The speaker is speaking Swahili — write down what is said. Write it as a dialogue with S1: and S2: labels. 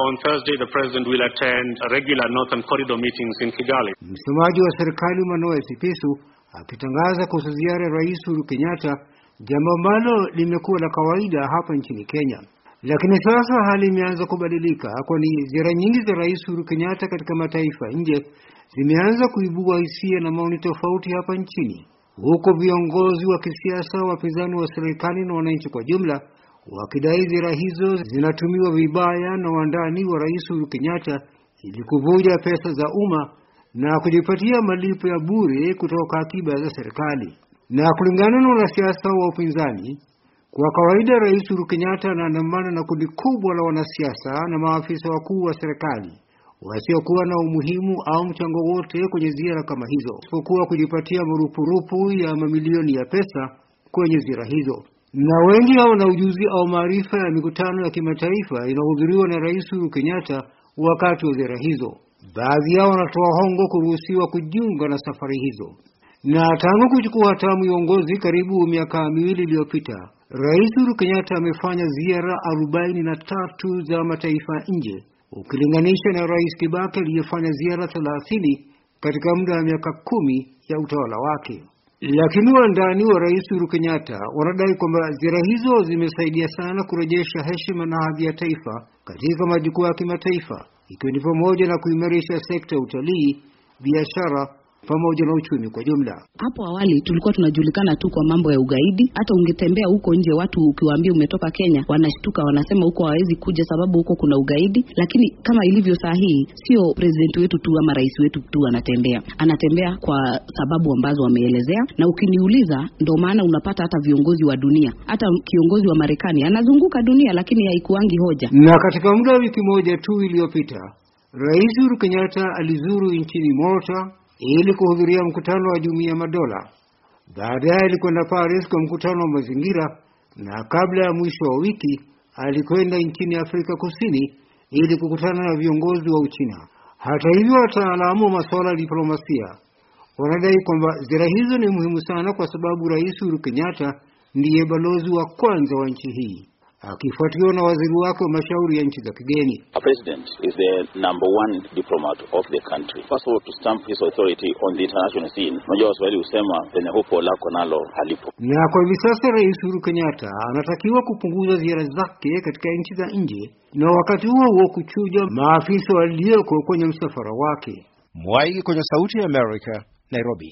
S1: On Thursday the president will attend regular northern corridor meetings in Kigali. Msemaji wa serikali Manoe Sipisu akitangaza kuhusu ziara ya Rais Uhuru Kenyatta, jambo ambalo limekuwa la kawaida hapa nchini Kenya. Lakini sasa hali imeanza kubadilika, kwani ziara nyingi za Rais Uhuru Kenyatta katika mataifa nje zimeanza kuibua hisia na maoni tofauti hapa nchini, huko viongozi wa kisiasa, wapinzani wa serikali na wananchi kwa jumla wakidai ziara hizo zinatumiwa vibaya na wandani wa Rais Uhuru Kenyatta ili kuvuja pesa za umma na kujipatia malipo ya bure kutoka akiba za serikali. Na kulingana na wanasiasa wa upinzani, kwa kawaida Rais Uhuru Kenyatta anaandamana na kundi kubwa la wanasiasa na maafisa wakuu wa serikali wasiokuwa na umuhimu au mchango wote kwenye ziara kama hizo, isipokuwa kujipatia marupurupu ya mamilioni ya pesa kwenye ziara hizo na wengi hao na ujuzi au maarifa ya mikutano ya kimataifa inayohudhuriwa na Rais Uhuru Kenyatta wakati wa ziara hizo. Baadhi yao wanatoa hongo kuruhusiwa kujiunga na safari hizo. Na tangu kuchukua hatamu uongozi karibu miaka miwili iliyopita, Rais Uhuru Kenyatta amefanya ziara arobaini na tatu za mataifa nje ukilinganisha na Rais Kibaki aliyefanya ziara thelathini katika muda wa miaka kumi ya utawala wake. Lakini wandani wa Rais Uhuru Kenyatta wanadai kwamba ziara hizo zimesaidia sana kurejesha heshima na hadhi ya taifa katika majukwaa ya kimataifa, ikiwa ni pamoja na kuimarisha sekta ya utalii, biashara pamoja na uchumi kwa jumla.
S2: Hapo awali tulikuwa tunajulikana tu kwa mambo ya ugaidi. Hata ungetembea huko nje, watu ukiwaambia umetoka Kenya wanashtuka, wanasema huko hawezi kuja sababu huko kuna ugaidi. Lakini kama ilivyo saa hii, sio president wetu tu ama rais wetu tu anatembea, anatembea kwa sababu ambazo wameelezea, na ukiniuliza, ndio maana unapata hata viongozi wa dunia, hata kiongozi wa Marekani anazunguka dunia, lakini haikuangi hoja. Na katika
S1: muda wa wiki moja tu iliyopita, Rais Uhuru Kenyatta alizuru nchini Malta ili kuhudhuria mkutano wa Jumuiya ya Madola. Baadaye alikwenda Paris kwa mkutano wa mazingira, na kabla ya mwisho wa wiki alikwenda nchini Afrika Kusini ili kukutana na viongozi wa Uchina. Hata hivyo, wataalamu wa masuala ya diplomasia wanadai kwamba ziara hizo ni muhimu sana kwa sababu Rais Uhuru Kenyatta ndiye balozi wa kwanza wa nchi hii akifuatiwa na waziri wake wa mashauri ya nchi za kigeni.
S2: A president is the number one diplomat of the country. First of all, to stamp his authority on the international scene. Unajua Waswahili husema penye hupo lako nalo halipo.
S1: Na kwa hivi sasa Rais Uhuru Kenyatta anatakiwa kupunguza ziara zake katika nchi za nje na wakati huo huo kuchuja maafisa walioko kwenye msafara wake. Mwaigi kwenye Sauti ya Amerika, Nairobi.